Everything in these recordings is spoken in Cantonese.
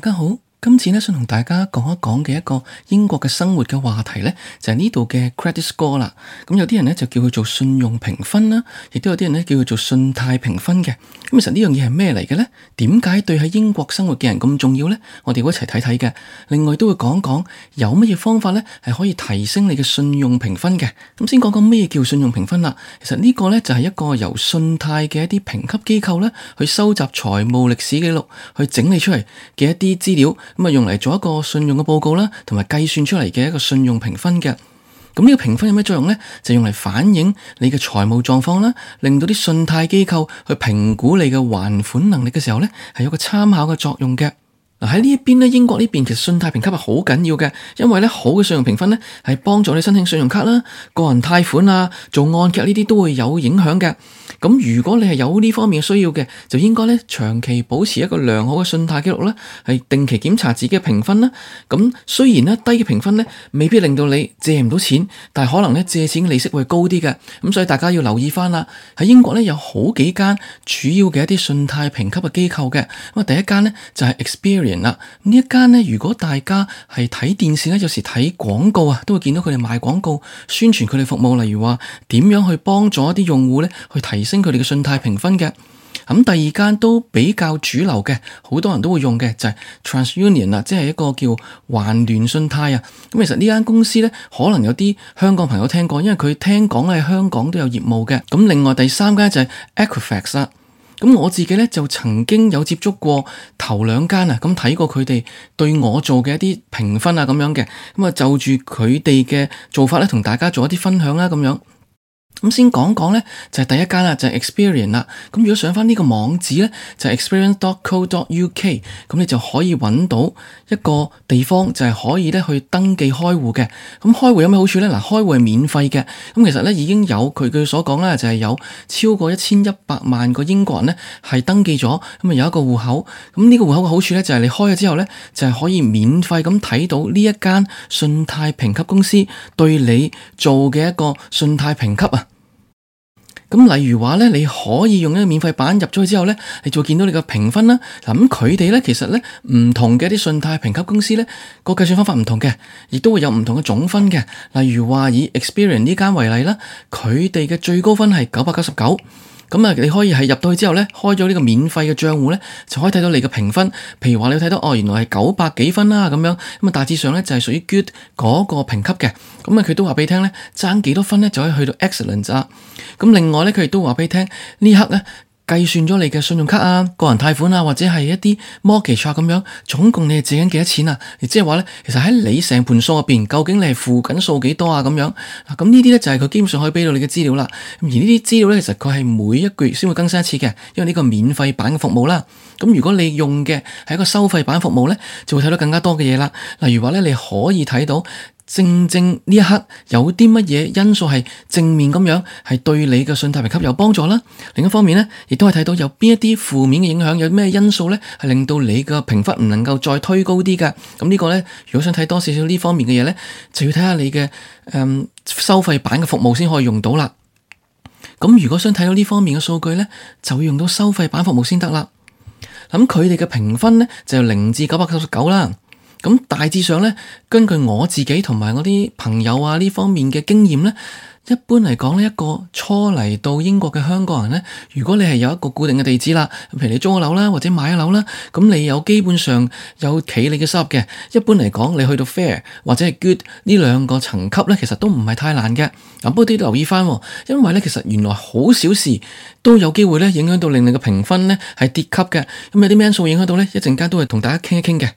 大家好。今次咧想同大家講一講嘅一個英國嘅生活嘅話題咧，就係呢度嘅 Credit Score 啦。咁有啲人咧就叫佢做信用評分啦，亦都有啲人咧叫佢做信貸評分嘅。咁其實呢樣嘢係咩嚟嘅咧？點解對喺英國生活嘅人咁重要咧？我哋會一齊睇睇嘅。另外都會講講有乜嘢方法咧係可以提升你嘅信用評分嘅。咁先講講咩叫信用評分啦。其實呢個咧就係一個由信貸嘅一啲評級機構咧去收集財務歷史記錄，去整理出嚟嘅一啲資料。咁啊，用嚟做一個信用嘅報告啦，同埋計算出嚟嘅一個信用評分嘅。咁、這、呢個評分有咩作用咧？就用嚟反映你嘅財務狀況啦，令到啲信貸機構去評估你嘅還款能力嘅時候咧，係有個參考嘅作用嘅。喺呢一邊咧，英國呢邊其實信貸評級係好緊要嘅，因為咧好嘅信用評分咧係幫助你申請信用卡啦、個人貸款啊、做按揭呢啲都會有影響嘅。咁如果你係有呢方面嘅需要嘅，就應該咧長期保持一個良好嘅信貸記錄啦，係定期檢查自己嘅評分啦。咁雖然咧低嘅評分咧未必令到你借唔到錢，但係可能咧借錢嘅利息會高啲嘅。咁所以大家要留意翻啦。喺英國呢，有好幾間主要嘅一啲信貸評級嘅機構嘅，咁啊第一間呢，就係 Experian。呢一間呢，如果大家係睇電視呢，有時睇廣告啊，都會見到佢哋賣廣告、宣傳佢哋服務，例如話點樣去幫助一啲用戶呢去提升佢哋嘅信貸評分嘅。咁第二間都比較主流嘅，好多人都會用嘅，就係、是、TransUnion 啦，即係一個叫環聯信貸啊。咁其實呢間公司呢，可能有啲香港朋友聽過，因為佢聽講咧，喺香港都有業務嘅。咁另外第三間就係 Equifax 啦。咁我自己咧就曾經有接觸過頭兩間啊，咁睇過佢哋對我做嘅一啲評分啊，咁樣嘅，咁啊就住佢哋嘅做法咧，同大家做一啲分享啦，咁樣。咁先講講咧，就係、是、第一間啦，就係 Experian 啦。咁如果上翻呢個網址咧，就 Experian.co.uk，咁你就可以揾到一個地方，就係可以咧去登記開戶嘅。咁開戶有咩好處咧？嗱，開戶係免費嘅。咁其實咧已經有佢佢所講咧，就係有超過一千一百萬個英國人咧係登記咗，咁啊有一個戶口。咁、這、呢個戶口嘅好處咧，就係你開咗之後咧，就係可以免費咁睇到呢一間信貸評級公司對你做嘅一個信貸評級啊。咁例如話咧，你可以用一個免費版入咗去之後咧，你就會見到你個評分啦。嗱，咁佢哋咧其實咧唔同嘅一啲信貸評級公司咧個計算方法唔同嘅，亦都會有唔同嘅總分嘅。例如話以 Experian 呢間為例啦，佢哋嘅最高分係九百九十九。咁啊，你可以係入到去之後咧，開咗呢個免費嘅賬戶咧，就可以睇到你嘅評分。譬如話你睇到哦，原來係九百幾分啦、啊、咁樣，咁啊大致上咧就係屬於 good 嗰個評級嘅。咁啊佢都話畀你聽咧，爭幾多分咧就可以去到 excellent 咋、啊。咁另外咧佢亦都話畀你聽，刻呢刻咧。計算咗你嘅信用卡啊、個人貸款啊，或者係一啲 mortgage 咁樣，總共你係借緊幾多錢啊？亦即係話咧，其實喺你成盤數入邊，究竟你係付緊數幾多啊？咁樣，咁呢啲咧就係佢基本上可以俾到你嘅資料啦。而呢啲資料咧，其實佢係每一個月先會更新一次嘅，因為呢個免費版嘅服務啦。咁如果你用嘅係一個收費版服務咧，就會睇到更加多嘅嘢啦。例如話咧，你可以睇到。正正呢一刻有啲乜嘢因素係正面咁樣，係對你嘅信貸評級有幫助啦。另一方面呢，亦都係睇到有邊一啲負面嘅影響，有啲咩因素呢係令到你嘅評分唔能夠再推高啲嘅？咁呢個呢，如果想睇多少少呢方面嘅嘢呢，就要睇下你嘅誒、嗯、收費版嘅服務先可以用到啦。咁如果想睇到呢方面嘅數據呢，就要用到收費版服務先得啦。咁佢哋嘅評分呢，就由零至九百九十九啦。咁大致上呢，根據我自己同埋我啲朋友啊呢方面嘅經驗呢，一般嚟講呢，一個初嚟到英國嘅香港人呢，如果你係有一個固定嘅地址啦，譬如你租咗樓啦，或者買咗樓啦，咁你有基本上有企你嘅收入嘅，一般嚟講，你去到 Fair 或者係 Good 呢兩個層級呢，其實都唔係太難嘅。咁不過都要留意返喎，因為呢，其實原來好少事都有機會呢影響到令你嘅評分呢係跌級嘅。咁有啲咩因素影響到呢，一陣間都係同大家傾一傾嘅。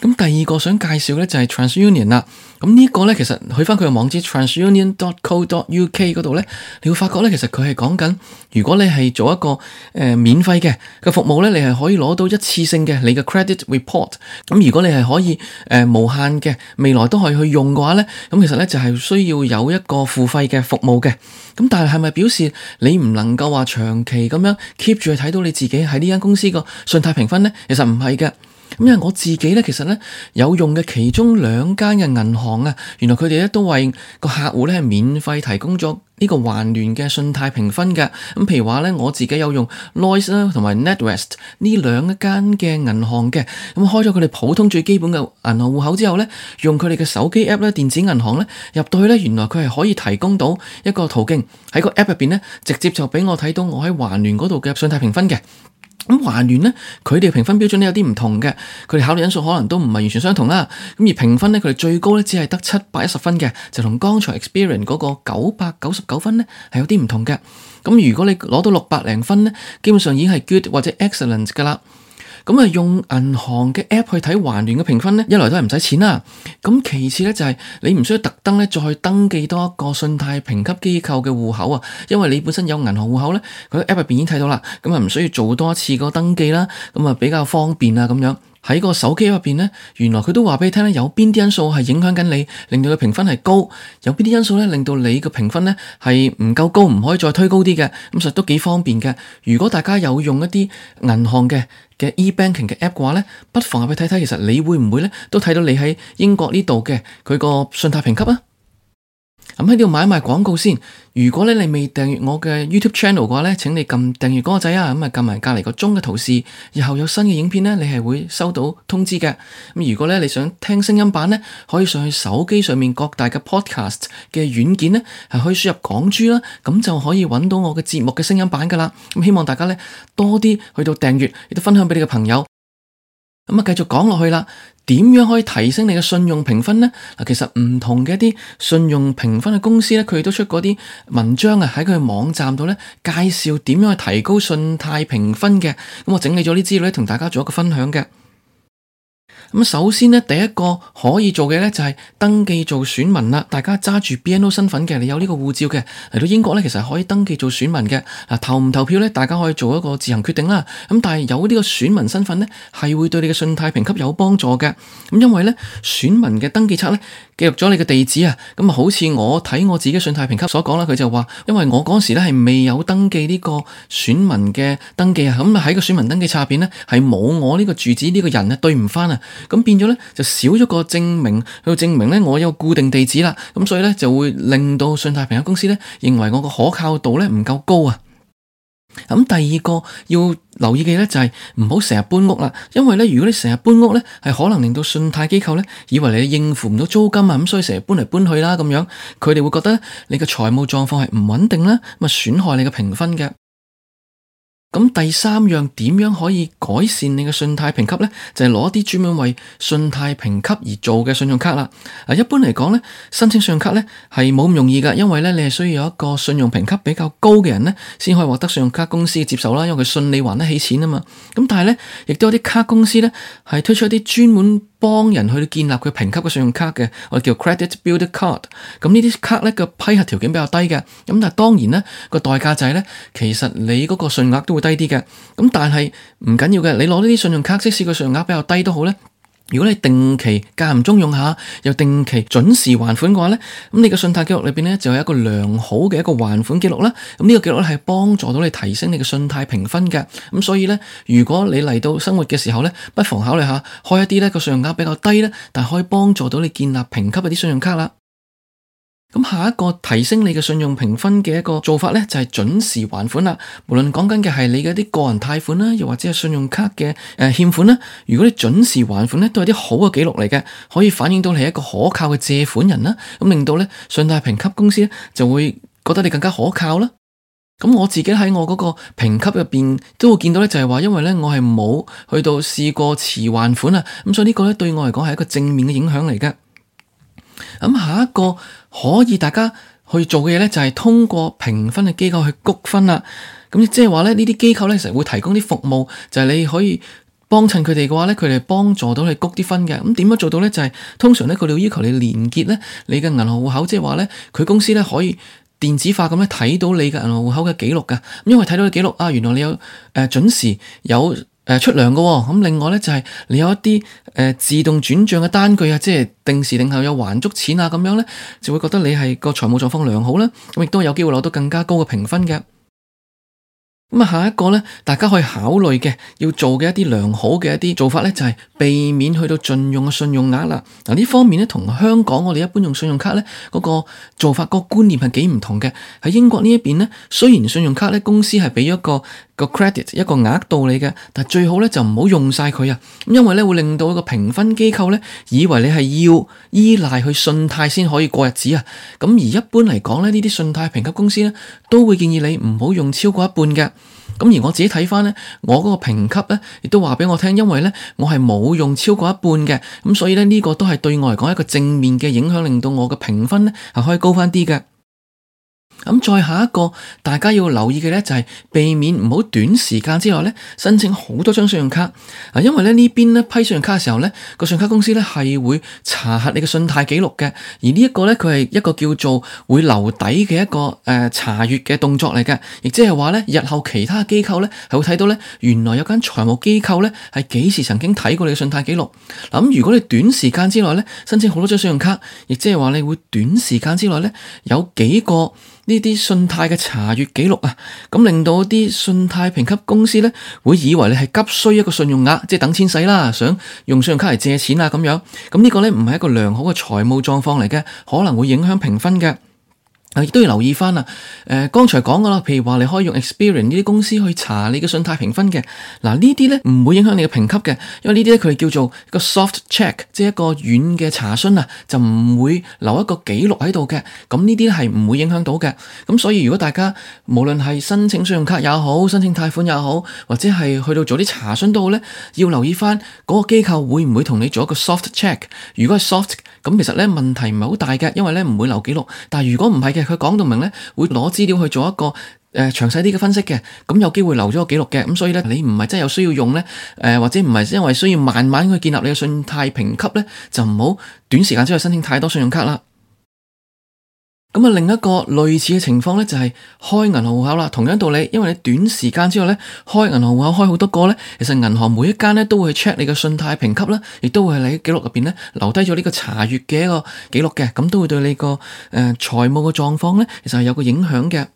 咁第二個想介紹咧就係 TransUnion 啦。咁、這個、呢個咧其實去返佢嘅網址 transunion.co.uk 嗰度咧，你會發覺咧其實佢係講緊，如果你係做一個誒、呃、免費嘅嘅服務咧，你係可以攞到一次性嘅你嘅 credit report。咁、嗯、如果你係可以誒、呃、無限嘅未來都可以去用嘅話咧，咁、嗯、其實咧就係、是、需要有一個付費嘅服務嘅。咁、嗯、但係係咪表示你唔能夠話長期咁樣 keep 住去睇到你自己喺呢間公司個信貸評分咧？其實唔係嘅。因為我自己咧，其實咧有用嘅其中兩間嘅銀行啊，原來佢哋咧都為個客戶咧係免費提供咗呢個環聯嘅信貸評分嘅。咁譬如話咧，我自己有用 Lloyds 啦同埋 NatWest 呢兩間嘅銀行嘅，咁開咗佢哋普通最基本嘅銀行戶口之後咧，用佢哋嘅手機 app 咧，電子銀行咧入到去咧，原來佢係可以提供到一個途徑喺個 app 入邊咧，直接就俾我睇到我喺環聯嗰度嘅信貸評分嘅。咁環聯呢，佢哋嘅評分標準呢有啲唔同嘅，佢哋考慮因素可能都唔係完全相同啦。咁而評分呢，佢哋最高呢只係得七百一十分嘅，就同剛才 experience 嗰個九百九十九分呢係有啲唔同嘅。咁如果你攞到六百零分呢，基本上已經係 good 或者 excellent 噶啦。咁啊，用銀行嘅 App 去睇環聯嘅評分呢，一來都係唔使錢啦。咁其次呢，就係你唔需要特登呢再去登記多一個信貸評級機構嘅戶口啊，因為你本身有銀行戶口呢，佢 App 入邊已經睇到啦。咁啊，唔需要做多一次個登記啦。咁啊，比較方便啊咁樣。喺個手機入邊呢，原來佢都話畀你聽咧，有邊啲因素係影響緊你，令到個評分係高，有邊啲因素咧令到你個評分咧係唔夠高，唔可以再推高啲嘅，咁實都幾方便嘅。如果大家有用一啲銀行嘅嘅 e banking 嘅 app 嘅話呢，不妨入去睇睇，其實你會唔會呢？都睇到你喺英國呢度嘅佢個信貸評級啊。咁喺度買埋廣告先。如果你未訂閱我嘅 YouTube Channel 嘅話呢，請你撳訂閱嗰個仔啊。咁啊，撳埋隔籬個鐘嘅圖示，日後有新嘅影片呢，你係會收到通知嘅。咁如果咧你想聽聲音版呢，可以上去手機上面各大嘅 Podcast 嘅軟件呢，係可以輸入港珠啦，咁就可以揾到我嘅節目嘅聲音版噶啦。咁希望大家呢，多啲去到訂閱，亦都分享俾你嘅朋友。咁啊，繼續講落去啦。點樣可以提升你嘅信用評分呢？嗱，其實唔同嘅一啲信用評分嘅公司咧，佢都出過啲文章啊，喺佢嘅網站度咧介紹點樣去提高信貸評分嘅。咁、嗯、我整理咗啲資料咧，同大家做一個分享嘅。首先第一個可以做嘅咧就係登記做選民啦。大家揸住 BNO 身份嘅，你有呢個護照嘅嚟到英國咧，其實可以登記做選民嘅。嗱，投唔投票咧，大家可以做一個自行決定啦。咁但係有呢個選民身份咧，係會對你嘅信貸評級有幫助嘅。咁因為咧，選民嘅登記冊咧，記錄咗你嘅地址啊。咁啊，好似我睇我自己信貸評級所講啦，佢就話，因為我嗰時咧係未有登記呢個選民嘅登記啊。咁啊喺個選民登記冊入邊咧，係冇我呢個住址呢個人咧，對唔返啊。咁變咗咧，就少咗個證明去證明咧，我有固定地址啦。咁所以咧，就會令到信貸評級公司咧，認為我個可靠度咧唔夠高啊。咁第二個要留意嘅咧，就係唔好成日搬屋啦，因為咧，如果你成日搬屋咧，係可能令到信貸機構咧以為你應付唔到租金啊，咁所以成日搬嚟搬去啦，咁樣，佢哋會覺得你嘅財務狀況係唔穩定啦，咁啊損害你嘅評分嘅。咁第三樣點樣可以改善你嘅信貸評級呢？就係攞啲專門為信貸評級而做嘅信用卡啦。啊，一般嚟講呢，申請信用卡呢係冇咁容易噶，因為呢，你係需要有一個信用評級比較高嘅人呢，先可以獲得信用卡公司嘅接受啦，因為佢信你還得起錢啊嘛。咁但係呢，亦都有啲卡公司呢，係推出一啲專門。幫人去建立佢評級嘅信用卡嘅，我哋叫 Credit Builder Card。咁呢啲卡咧，個批核條件比較低嘅，咁但係當然咧，個代價就係咧，其實你嗰個信用額都會低啲嘅。咁但係唔緊要嘅，你攞呢啲信用卡，即使個信用額比較低都好咧，如果你定期間唔中用下，又定期準時還款嘅話咧，咁你嘅信貸記錄裏邊咧就有一個良好嘅一個還款記錄啦。咁呢個記錄係幫助到你提升你嘅信貸評分嘅。咁所以咧，如果你嚟到生活嘅時候咧，不妨考慮下開一啲咧個信用額比較低咧，但係可以幫助到你建立評級嗰啲信用卡啦。咁下一個提升你嘅信用評分嘅一個做法咧，就係、是、準時還款啦。無論講緊嘅係你嘅啲個人貸款啦，又或者係信用卡嘅誒、呃、欠款啦，如果你準時還款咧，都係啲好嘅記錄嚟嘅，可以反映到你係一個可靠嘅借款人啦。咁令到咧信貸評級公司咧就會覺得你更加可靠啦。咁我自己喺我嗰個評級入邊都會見到咧，就係話因為咧我係冇去到試過遲還款啊，咁所以呢個咧對我嚟講係一個正面嘅影響嚟嘅。咁下一個可以大家去做嘅嘢咧，就係通過評分嘅機構去谷分啦。咁即係話咧，呢啲機構咧成日會提供啲服務，就係你可以幫襯佢哋嘅話咧，佢哋幫助到你谷啲分嘅。咁點樣做到咧？就係通常咧，佢哋要求你連結咧你嘅銀行戶口，即係話咧佢公司咧可以電子化咁樣睇到你嘅銀行戶口嘅記錄噶。咁因為睇到嘅記錄啊，原來你有誒準時有。誒，出糧嘅，咁，另外呢，就係你有一啲，誒，自動轉帳嘅單據啊，即係定時定候有還足錢啊，咁樣呢，就會覺得你係個財務狀況良好啦。咁亦都有機會攞到更加高嘅評分嘅。咁啊，下一個呢，大家可以考慮嘅要做嘅一啲良好嘅一啲做法呢，就係避免去到盡用嘅信用額啦。嗱，呢方面呢，同香港我哋一般用信用卡呢，嗰個做法個觀念係幾唔同嘅。喺英國呢一邊呢，雖然信用卡呢公司係俾一個，個 credit 一個額度嚟嘅，但係最好咧就唔好用晒佢啊！因為咧會令到個評分機構咧以為你係要依賴去信貸先可以過日子啊！咁而一般嚟講咧呢啲信貸評級公司咧都會建議你唔好用超過一半嘅。咁而我自己睇翻咧，我嗰個評級咧亦都話俾我聽，因為咧我係冇用超過一半嘅，咁所以咧呢個都係對我嚟講一個正面嘅影響，令到我嘅評分咧係可以高翻啲嘅。咁再下一個大家要留意嘅咧，就係避免唔好短時間之內咧申請好多張信用卡。嗱，因為咧呢邊咧批信用卡嘅時候咧，個信用卡公司咧係會查核你嘅信貸記錄嘅。而呢一個咧，佢係一個叫做會留底嘅一個誒、呃、查閲嘅動作嚟嘅。亦即係話咧，日後其他機構咧係會睇到咧，原來有間財務機構咧係幾時曾經睇過你嘅信貸記錄。嗱，咁如果你短時間之內咧申請好多張信用卡，亦即係話你會短時間之內咧有幾個。呢啲信貸嘅查閲記錄啊，咁令到啲信貸評級公司咧，會以為你係急需一個信用額，即係等錢使啦，想用信用卡嚟借錢啊咁樣，咁呢個咧唔係一個良好嘅財務狀況嚟嘅，可能會影響評分嘅。亦都要留意翻啦。誒，剛才講過啦，譬如話，你可以用 Experience 呢啲公司去查你嘅信貸評分嘅。嗱，呢啲咧唔會影響你嘅評級嘅，因為呢啲咧佢叫做一個 soft check，即係一個軟嘅查詢啊，就唔會留一個記錄喺度嘅。咁呢啲係唔會影響到嘅。咁所以如果大家無論係申請信用卡也好，申請貸款也好，或者係去到做啲查詢都好咧，要留意翻嗰個機構會唔會同你做一個 soft check。如果係 soft 咁其實咧問題唔係好大嘅，因為咧唔會留記錄。但如果唔係嘅，佢講到明咧，會攞資料去做一個誒詳細啲嘅分析嘅，咁有機會留咗個記錄嘅。咁所以咧，你唔係真係有需要用咧、呃，或者唔係因為需要慢慢去建立你嘅信貸評級咧，就唔好短時間之內申請太多信用卡啦。咁啊，另一個類似嘅情況咧，就係開銀行戶口啦。同樣道理，因為你短時間之內咧開銀行戶口開好多個咧，其實銀行每一間咧都會去 check 你嘅信貸評級啦，亦都會喺你記錄入邊咧留低咗呢個查閱嘅一個記錄嘅，咁都會對你個誒、呃、財務嘅狀況咧，其實係有個影響嘅。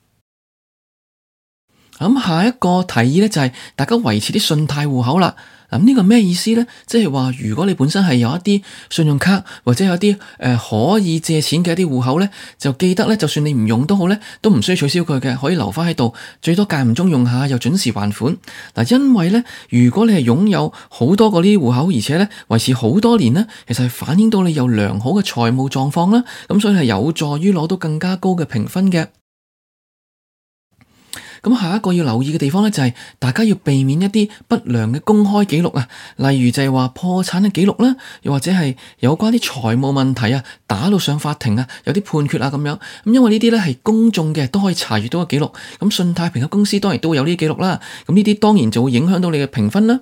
咁、嗯、下一個提議咧就係大家維持啲信貸戶口啦。咁呢個咩意思呢？即係話如果你本身係有一啲信用卡或者有一啲誒、呃、可以借錢嘅一啲戶口呢，就記得呢。就算你唔用都好呢，都唔需要取消佢嘅，可以留翻喺度，最多間唔中用下，又準時還款。嗱，因為呢，如果你係擁有好多個呢啲戶口，而且呢維持好多年呢，其實係反映到你有良好嘅財務狀況啦，咁所以係有助於攞到更加高嘅評分嘅。咁下一個要留意嘅地方咧，就係大家要避免一啲不良嘅公開記錄啊，例如就係話破產嘅記錄啦，又或者係有關啲財務問題啊，打到上法庭啊，有啲判決啊咁樣。咁因為呢啲咧，係公眾嘅、都可以查閱到嘅記錄。咁信貸評級公司當然都會有呢啲記錄啦。咁呢啲當然就會影響到你嘅評分啦。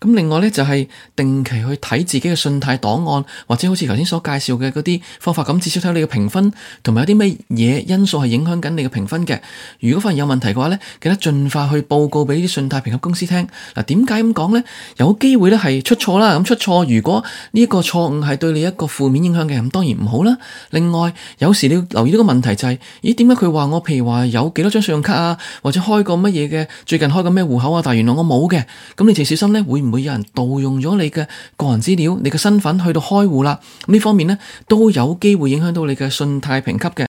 咁另外咧就係定期去睇自己嘅信貸檔案，或者好似頭先所介紹嘅嗰啲方法咁，至少睇你嘅評分，同埋有啲咩嘢因素係影響緊你嘅評分嘅。如果發現有問題嘅話咧，記得盡快去報告俾啲信貸評級公司聽。嗱，點解咁講咧？有機會咧係出錯啦。咁出錯，如果呢一個錯誤係對你一個負面影響嘅，咁當然唔好啦。另外，有時你要留意呢個問題就係：咦，點解佢話我譬如話有幾多張信用卡啊，或者開個乜嘢嘅，最近開個咩戶口啊？但原來我冇嘅，咁你就小心咧，會會有人盜用咗你嘅個人資料，你嘅身份去到開戶啦。呢方面咧都有機會影響到你嘅信貸評級嘅。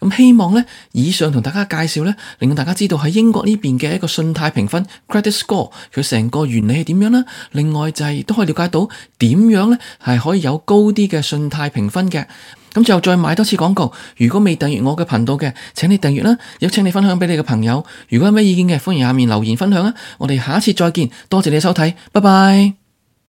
咁希望咧，以上同大家介紹咧，令大家知道喺英國呢邊嘅一個信貸評分 （credit score） 佢成個原理係點樣啦。另外就係都可以了解到點樣咧係可以有高啲嘅信貸評分嘅。咁就再買多次廣告。如果未訂閱我嘅頻道嘅，請你訂閱啦。亦請你分享畀你嘅朋友。如果有咩意見嘅，歡迎下面留言分享啊！我哋下次再見，多謝你嘅收睇，拜拜。